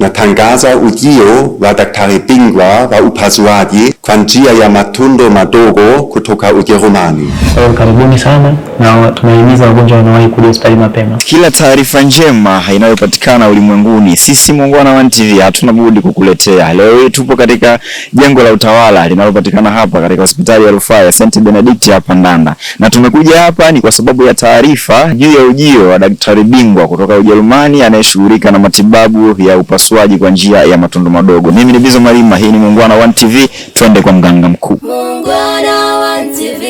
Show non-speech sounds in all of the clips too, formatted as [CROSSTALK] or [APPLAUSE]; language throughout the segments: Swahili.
natangaza ujio wa daktari bingwa wa upasuaji kwa njia ya matundo madogo kutoka Ujerumani. Karibuni sana na tunahimiza wagonjwa wanawahi kuja hospitali mapema. Kila taarifa njema inayopatikana ulimwenguni, sisi Muungwana One TV hatuna budi kukuletea. Leo hii tupo katika jengo la utawala linalopatikana hapa katika hospitali ya rufaa ya St Benedict hapa Ndanda, na tumekuja hapa ni kwa sababu ya taarifa juu ya ujio wa daktari bingwa kutoka Ujerumani anayeshughulika na matibabu ya upasuaji kwa njia ya matundu madogo. Mimi ni Bizo Malima, hii ni Muungwana One TV, twende kwa mganga mkuu. One TV,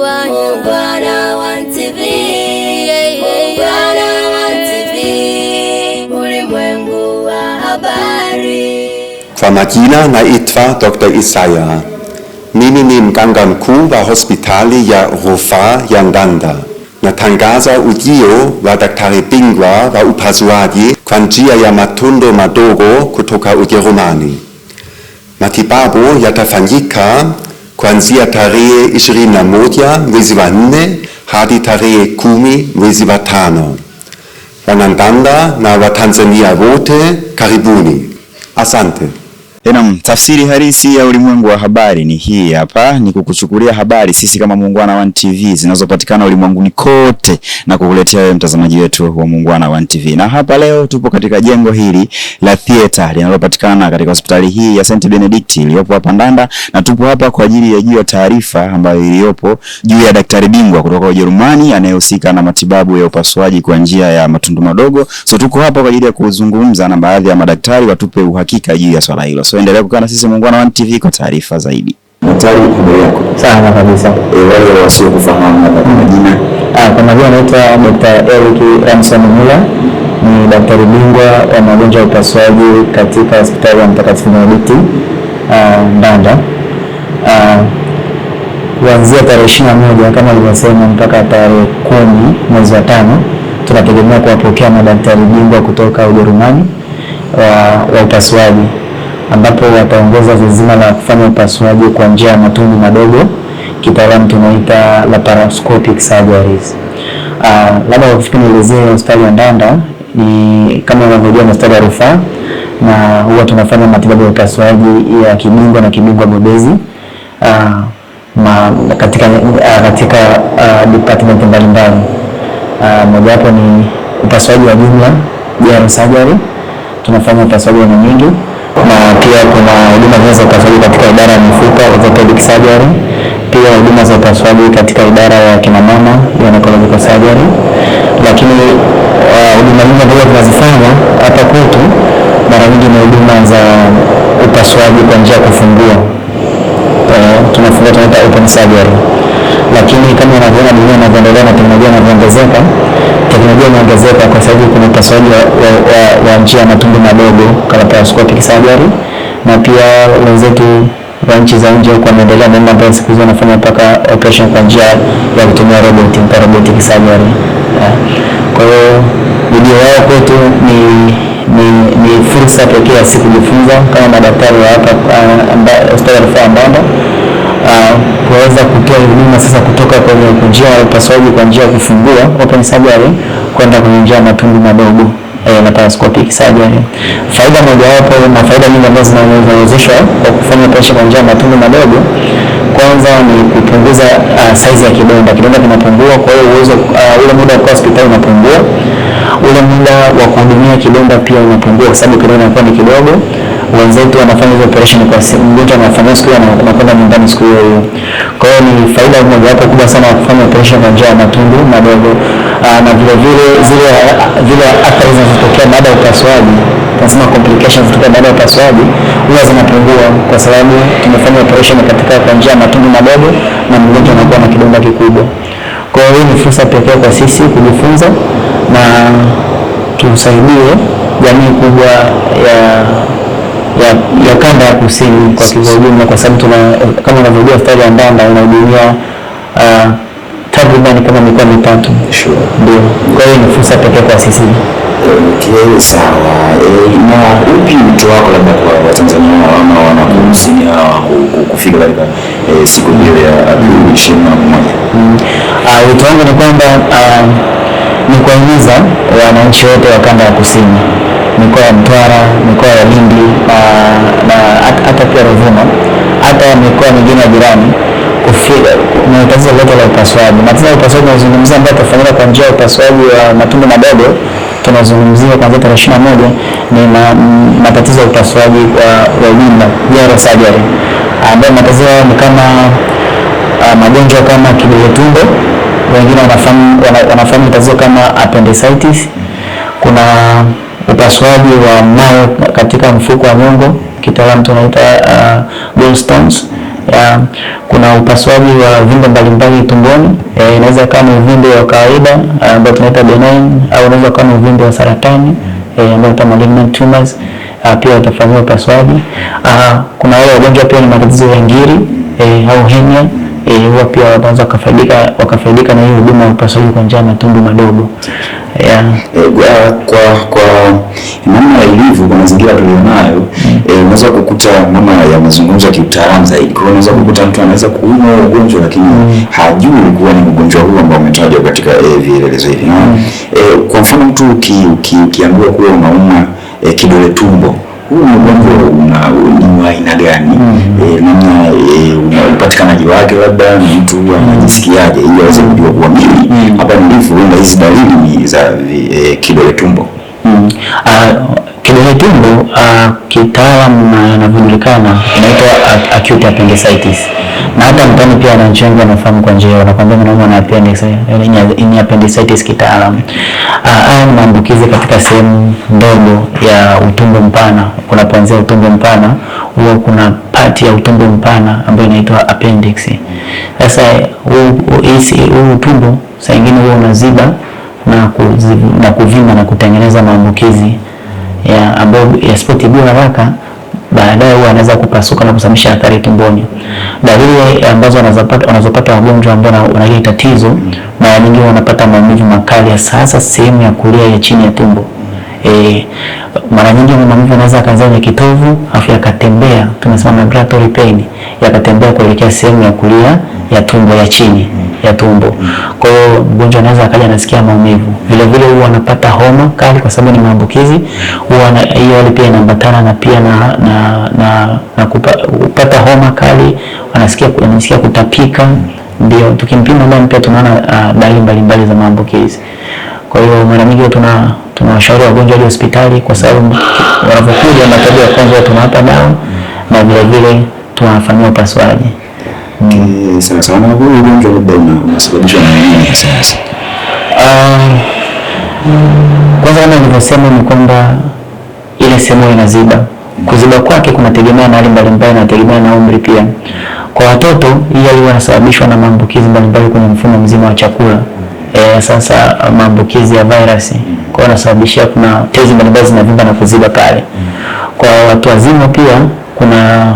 One TV, One TV, wa habari. Kwa majina naitwa Dr. Isaya. Mimi ni mganga mkuu wa hospitali ya rufaa ya Ndanda. Natangaza ujio wa daktari bingwa wa upasuaji kwa njia ya matundo madogo kutoka Ujerumani. Matibabu yatafanyika kuanzia tarehe moja mwezi wa nne hadi tarehe kumi mwezi wa tano. Wanandanda na Watanzania wote karibuni. Asante. Enam, eh, tafsiri halisi ya ulimwengu wa habari ni hii hapa, ni kukuchukulia habari sisi kama Muungwana One TV zinazopatikana ulimwenguni kote na kukuletea wewe mtazamaji wetu wa Muungwana One TV. Na hapa leo tupo katika jengo hili la theater linalopatikana katika hospitali hii ya St Benedict iliyopo hapa Ndanda, na tupo hapa kwa ajili ya juu ya taarifa ambayo iliyopo juu ya daktari bingwa kutoka Ujerumani anayehusika na matibabu ya upasuaji kwa njia ya matundu madogo. So tuko hapa kwa ajili ya kuzungumza na baadhi ya madaktari watupe uhakika juu ya swala hilo. So endelea kukaa na sisi Muungwana One TV kwa taarifa zaidi. Sana kabisa. Eh, ah, kwa majina anaitwa Dr. Eric Ramson Mula, ni daktari bingwa wa magonjwa ya upasuaji katika hospitali ya Mtakatifu Benedikti Ndanda ah, ah, kuanzia tarehe ishirini na moja kama ilivyosema mpaka tarehe kumi mwezi wa tano tunategemea kuwapokea madaktari bingwa kutoka Ujerumani wa upasuaji ambapo wataongeza zizima la kufanya upasuaji kwa njia ya matundu madogo, kitaalamu tunaita laparoscopic surgeries. Uh, labda kwa kifupi nielezee hospitali ya Ndanda ni kama unavyojua ni hospitali ya rufaa na huwa tunafanya matibabu ya upasuaji ya kibingwa na kibingwa bobezi uh, ma, katika, uh, katika uh, department mbalimbali uh, moja wapo ni upasuaji wa jumla general surgery. Tunafanya upasuaji wa aina nyingi pia kuna huduma za upasuaji katika idara ya mifupa orthopedic surgery, pia huduma za upasuaji katika idara ya kina mama gynecological surgery. Lakini uh, huduma nyingi ambazo tunazifanya hapa kwetu mara nyingi ni huduma za upasuaji kwa njia ya kufungua, uh, tunafungua tunaita open surgery lakini kama unavyoona dunia inavyoendelea na teknolojia inavyoongezeka, teknolojia inaongezeka. Kwa sababu kuna upasuaji wa njia ya matundu madogo kama laparoscopic surgery, na pia wenzetu wa nchi za nje huko wameendelea mambo ambayo siku hizi wanafanya mpaka operation kwa njia ya kutumia roboti, robotic surgery. Eh, kwa hiyo ujio wao kwetu ni ni, ni fursa pekee ya sisi kujifunza kama madaktari wa hapa eh, hospitali ya rufaa Mbanda kuweza kutoa huduma sasa kutoka kwenye njia ya upasuaji kwa njia ya kufungua open surgery kwenda kwenye njia ya matundu madogo eh, na laparoscopic surgery. Faida mojawapo na faida nyingi ambazo zinawezesha kwa kufanya operation kwa njia ya matundu madogo kwanza ni kupunguza uh, size ya kidonda. Kidonda kinapungua, kwa hiyo uwezo uh, ule muda wa kukaa hospitali unapungua, ule muda wa kuhudumia kidonda pia unapungua, kwa sababu kidonda inakuwa ni kidogo wenzetu wanafanya hizo operation kwa simu, mgonjwa anafanya siku hiyo kwenda nyumbani siku hiyo hiyo. Kwa hiyo ni faida moja hapo kubwa sana ya kufanya operation kwa njia ya matundu madogo, ah, na vile vile zile zile athari zinazotokea baada ya upasuaji, tunasema complications zinazotokea baada ya upasuaji huwa zinapungua, kwa sababu tumefanya operation katika kwa njia ya matundu madogo, na mgonjwa anakuwa na kidonda kikubwa. Kwa hiyo hii ni fursa pekee kwa sisi kujifunza na tusaidie jamii kubwa ya ya, ya kanda ya kusini kwa kiujumla, kwa sababu tuna kama unavyojua faili ya ndanda inahudumia uh, takribani kama mikoa mitatu, ndio. Kwa hiyo ni fursa pekee kwa sisi. Okay, sawa. Eh, na upi wito wako labda kwa Watanzania ama wanafunzi uh, kufika katika eh, siku hiyo ya Aprili ishirini na moja? Mm. Ah, wito wangu ni kwamba uh, ni kuwahimiza wananchi wote wa kanda ya kusini, mikoa ya Mtwara, mikoa ya Lindi na hata pia Ruvuma, hata mikoa mingine ya jirani kuna tatizo lote la upasuaji. Na tatizo la upasuaji tunazungumzia ambayo tafanyika kwa njia ya upasuaji wa matundu madogo, tunazungumzia kuanzia tarehe ishirini na moja ni matatizo ya upasuaji wa ujumla, general surgery, ambayo matatizo ni kama ah, magonjwa kama kidole tumbo wengine wanafahamu wanafahamu tatizo kama appendicitis. Kuna upasuaji wa mawe katika mfuko wa nyongo, kitaalamu tunaita uh, gallstones. Ya, kuna upasuaji wa vimbe mbalimbali tumboni, inaweza kama ni uvimbe wa kawaida uh, ambao tunaita benign au inaweza kama ni uvimbe wa saratani ambao tunaita malignant tumors, uh, pia utafanywa upasuaji. Uh, kuna wale wagonjwa pia ni matatizo ya ngiri eh, au hernia e, huwa pia wanaanza wakafaidika wakafaidika na hiyo huduma ya upasuaji kwa njia ya matundu madogo yeah. E, kwa kwa namna ilivyo kwa mazingira tulionayo mm. E, unaweza kukuta mama ya mazungumzo ya kiutaalamu zaidi. Kwa hiyo unaweza kukuta mtu anaweza kuumwa ugonjwa lakini mm. hajui kuwa ni ugonjwa huo ambao umetajwa katika eh, vielelezo hivi mm. E, kwa mfano mtu ukiambiwa uki, uki kuwa unauma eh, kidole tumbo huu ugonjwa ni wa aina gani, hmm. eh, namna eh, upatikanaji wake, labda ni mtu anajisikiaje, ili aweze kujua kuwa mimi hmm. hapa nilipo, huenda hizi dalili ni za eh, kidole tumbo. Hmm. Ah, ile tumbo uh, kitaalamu na inavyojulikana inaitwa acute appendicitis, na hata mtani pia wananchi wengi wanafahamu kwa njia, wanakwambia mwanaume ana appendicitis, eh, ni appendicitis kitaalamu. Ah, haya ni maambukizi katika sehemu ndogo ya utumbo mpana, kunapoanzia utumbo mpana huo kuna pati ya utumbo mpana ambayo inaitwa appendix. Sasa huu utumbo saa nyingine huwa unaziba na kuvimba na kutengeneza maambukizi ya ambayo yasipotibiwa haraka baadaye huwa anaweza kupasuka na kusababisha athari tumboni. Dalili ambazo wanazopata wagonjwa ambao wana hili tatizo mara nyingi wanapata maumivu makali ya sasa sehemu ya kulia ya chini ya tumbo. E, mara nyingi maumivu yanaweza kaanza kwenye kitovu afu yakatembea, tunasema migratory pain, yakatembea kuelekea sehemu ya kulia ya tumbo ya chini. Mm ya tumbo. Kwa hiyo mgonjwa anaweza akaja anasikia maumivu. Vile vile huwa anapata homa kali kwa sababu ni maambukizi. Huwa hiyo hali pia inaambatana na pia na na na, na kupa, kupata homa kali, anasikia anasikia kutapika. Ndio tukimpima damu pia tunaona uh, dalili mbalimbali za maambukizi. Kwa hiyo mara nyingi tuna tunawashauri wagonjwa wa hospitali kwa sababu wanapokuja matibabu ya kwanza tunawapa dawa na vile vile tunafanyia upasuaji. Sana sana ugonjwa labda unasababishwa na nini ah, Kwanza kama nilivyosema ni kwamba ile sehemu inaziba. Kuziba kwake kunategemea na hali mbalimbali, inategemea na umri pia. Kwa watoto hii hali wanasababishwa na maambukizi mbalimbali kwenye mfumo mzima wa chakula. E, sasa uh, maambukizi ya virusi kwa wanasababishia, kuna tezi mbalimbali zinavimba na kuziba pale. Kwa watu wazima pia kuna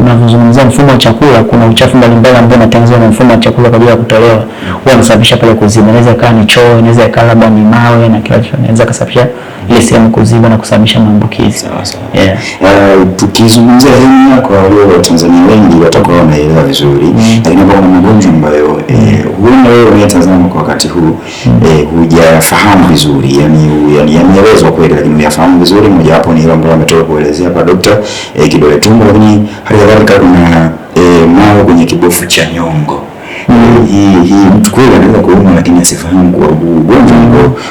unavyozungumzia mfumo wa chakula, kuna uchafu mbalimbali ambao unatengenezwa na mfumo wa chakula kwa ajili ya kutolewa, huwa unasababisha pale kuziba. Inaweza ikawa ni choo, inaweza ikawa labda ni mawe na kila kitu, inaweza kusababisha ile sehemu kuziba na kusababisha maambukizi. Yeah. Uh, tukizungumzia kwa yako wa Tanzania wengi watakuwa wanaelewa vizuri, mm. lakini kuna magonjwa ambayo eh, mm. huenda wewe unayetazama kwa wakati huu mm. eh, hujafahamu vizuri, yani yani yameelezwa kweli, lakini hujafahamu vizuri. Mojawapo ni ile ambayo ametoka kuelezea hapa daktari, eh, Kidole Tumbo, lakini hali kadhalika kuna e, mawe kwenye kibofu cha nyongo mm. hii hii mtu kweli anaweza kuumwa lakini asifahamu kuwa huu ugonjwa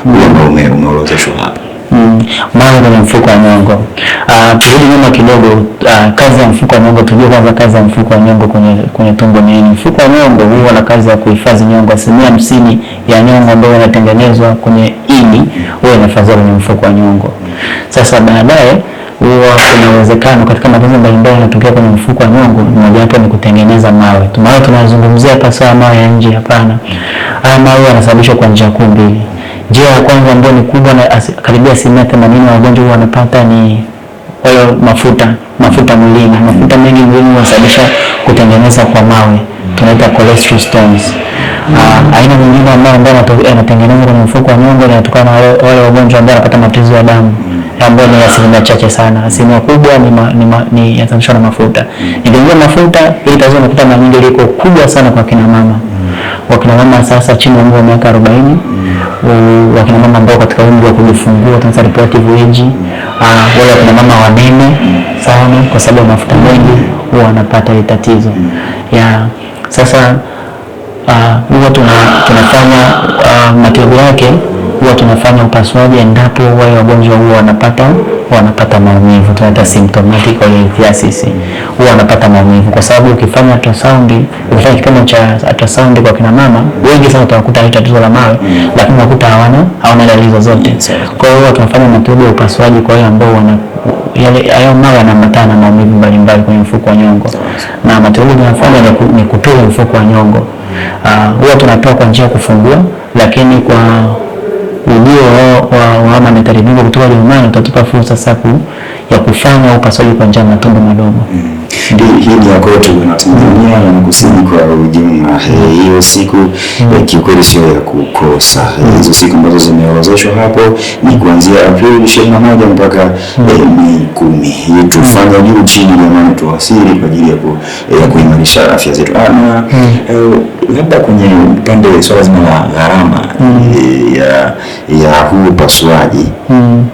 ndio ambao umeorodheshwa hapa mm. mawe kwenye mfuko wa nyongo. Uh, turudi nyuma kidogo. Uh, kazi ya mfuko wa nyongo, tujue kwanza kazi ya mfuko wa nyongo kwenye, kwenye tumbo ni nini? Mfuko wa nyongo huwa na kazi ya kuhifadhi nyongo. Asilimia hamsini ya nyongo ambayo inatengenezwa kwenye ini huwa inahifadhiwa kwenye mfuko wa nyongo. Sasa baadaye huwa kuna uwezekano katika matatizo mbalimbali yanatokea kwenye mfuko wa nyongo, wapo ni kutengeneza mawe. Mawe tunazungumzia hapa, sawa mawe ya nje? Hapana, haya mawe yanasababishwa kwa njia kuu mbili. Njia ya kwanza ambayo ni kubwa na karibia asilimia themanini ya wagonjwa huwa wanapata ni wale mafuta mafuta mwilini. Mafuta mengi mwilini yanasababisha kutengeneza kwa mawe, tunaita cholesterol stones. Uh, aina nyingine ambayo ambayo yanatengenezwa kwenye mfuko wa nyongo inatokana na wale wagonjwa ambao wanapata matatizo ya damu ambayo ni asilimia chache sana. Asilimia kubwa ni ma, ma, ni, ni yanasababishwa na mafuta. Mm. Nikiongea mafuta, ile tatizo nakuta mara nyingi liko kubwa sana kwa kina mama. Mm. Wakina mama sasa chini ya umri wa miaka 40, mm. wakina mama ambao katika umri wa kujifungua tunaita reproductive age, wale wakina mama wanene mm. sana kwa sababu mafuta mengi huwa wanapata ile tatizo. Ya sasa huwa tunafanya uh, matibabu yake huwa tunafanya upasuaji endapo wale wagonjwa huwa wanapata wanapata maumivu, tunaita symptomatic erythriasis, huwa wanapata maumivu, kwa sababu ukifanya ultrasound, ukifanya kipimo cha ultrasound kwa kina mama wengi sana utawakuta hili tatizo la mawe, lakini unakuta hawana hawana dalili zozote. Kwa hiyo huwa tunafanya matibabu ya upasuaji kwa wale ambao wana yale hayo mawe yanaambatana na maumivu mbalimbali kwenye mfuko wa nyongo, na matibabu tunayofanya ni kutoa mfuko wa nyongo. Ah, huwa tunapewa kwa njia ya kufungua, lakini kwa kama amekaribishwa kutoka Ujerumani, utatupa fursa sasa ya kufanya upasuaji kwa njia ya matundu madogo. Mm. Hija kwetu Tanzania na kusini kwa ujumla, eh, hiyo siku mm. eh, kiukweli sio ya kukosa. Eh, mm. Hizo siku ambazo zimeorozeshwa hapo ni kuanzia Aprili ishirini na moja mpaka Mei kumi. Tufanya juu chini, jamani, tuwasili kwa ajili ya kuimarisha afya zetu. Ah, labda kwenye upande swala zima la gharama mm. ya ya huu upasuaji mm.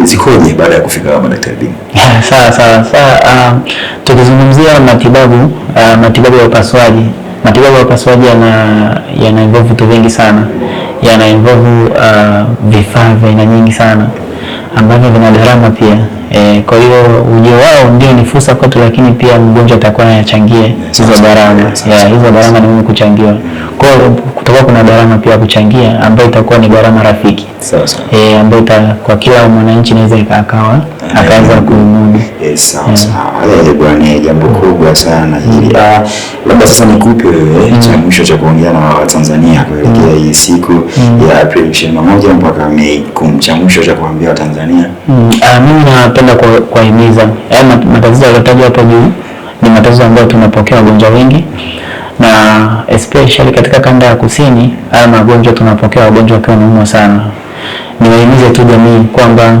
e, zikoje baada ya kufika kwa madaktari bingwa? [LAUGHS] Sawa sawa sawa. Uh, tukizungumzia matibabu uh, matibabu ya upasuaji matibabu ya upasuaji yana yana involve vitu vingi sana, yana involve uh, vifaa vya aina nyingi sana ambavyo vina gharama pia e, kwa hiyo ujio wao ndio ni fursa kwetu, lakini pia mgonjwa atakuwa anachangia hizo gharama. Hizo gharama ni mimi kuchangiwa, kwa hiyo kutakuwa kuna gharama pia kuchangia ambayo itakuwa ni gharama rafiki e, ambayo kwa kila mwananchi naweza akawa akaanza kunununa. Yes, eh, sawa sawa. Bwana, jambo kubwa sana hili. Mm. Ah, labda sasa nikupe wewe mm. cha mwisho cha kuongea na Watanzania kuelekea mm. hii siku ya Aprili ishirini na moja mpaka Mei kumi, cha mwisho cha kuambia Watanzania. Ah, mimi napenda kuwahimiza, matatizo yaliyotajwa hapo juu ni matatizo ambayo tunapokea wagonjwa wengi na especially katika kanda ya kusini, haya magonjwa tunapokea wagonjwa wakiwa wanaumwa sana. Niwahimize tu jamii kwamba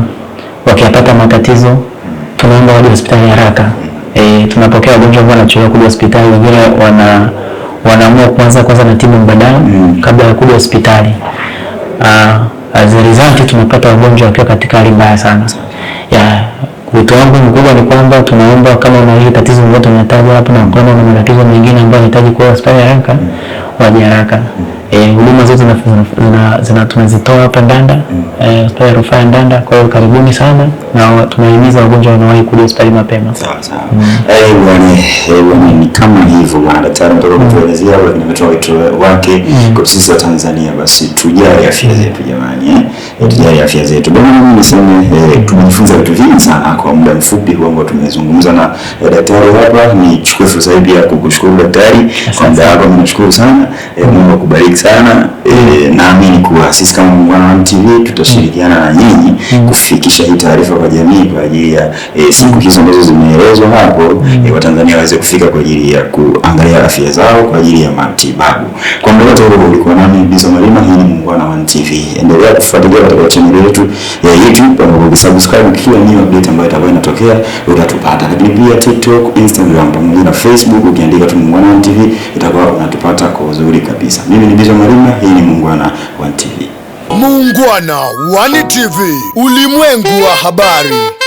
wakiapata matatizo tunaomba waje hospitali haraka. E, tunapokea wagonjwa ambao wanachelewa kuja hospitali, wengine wana wanaamua kuanza kwanza na timu mbadala mm. kabla ya kuja hospitali. Uh, as a result tunapata wagonjwa wakiwa katika hali mbaya sana ya Wito wangu mkubwa ni kwamba tunaomba kama una hili tatizo ambalo tunataja hapa na kwamba una matatizo mengine ambayo yanahitaji kuwa hospitali haraka, mm. waje haraka. Mm. Eh, huduma zote tunazitoa hapa Ndanda mm. eh, hospitali ya rufaa ya Ndanda. Kwa hiyo karibuni sana, na tunahimiza wagonjwa wanawahi kuja hospitali mapema. Sawa sawa, bwana, mm. eh, ni kama hivyo bwana daktari mtoka mm. kutuelezea na wito wake kwa sisi wa Tanzania. Basi tujali afya zetu jamani tujali afya zetu. Bwana mimi niseme eh, tumejifunza vitu vingi sana kwa muda mfupi huu ambao tumezungumza na eh, daktari hapa. Nichukue fursa hii pia kukushukuru daktari kwa muda wako, nashukuru sana eh, Mungu akubariki sana eh, naamini kuwa sisi kama Muungwana TV tutashirikiana na nyinyi mm. kufikisha hii taarifa kwa jamii kwa ajili ya eh, siku hizo ambazo zimeelezwa hapo mm. eh, Watanzania waweze kufika kwa ajili ya kuangalia afya zao kwa ajili ya matibabu. Kwa muda wote ulikuwa Mbizo Malima. Hii ni Muungwana One TV, endelea kufuatilia katika channel yetu ya YouTube pamoja na kusubscribe, Kila new update ambayo itakuwa inatokea utatupata, lakini pia TikTok, Instagram pamoja na Facebook ukiandika tu Muungwana One TV itakuwa unatupata kwa uzuri kabisa. Mimi ni biza Malima, hii ni Muungwana One TV. Muungwana One TV, ulimwengu wa habari.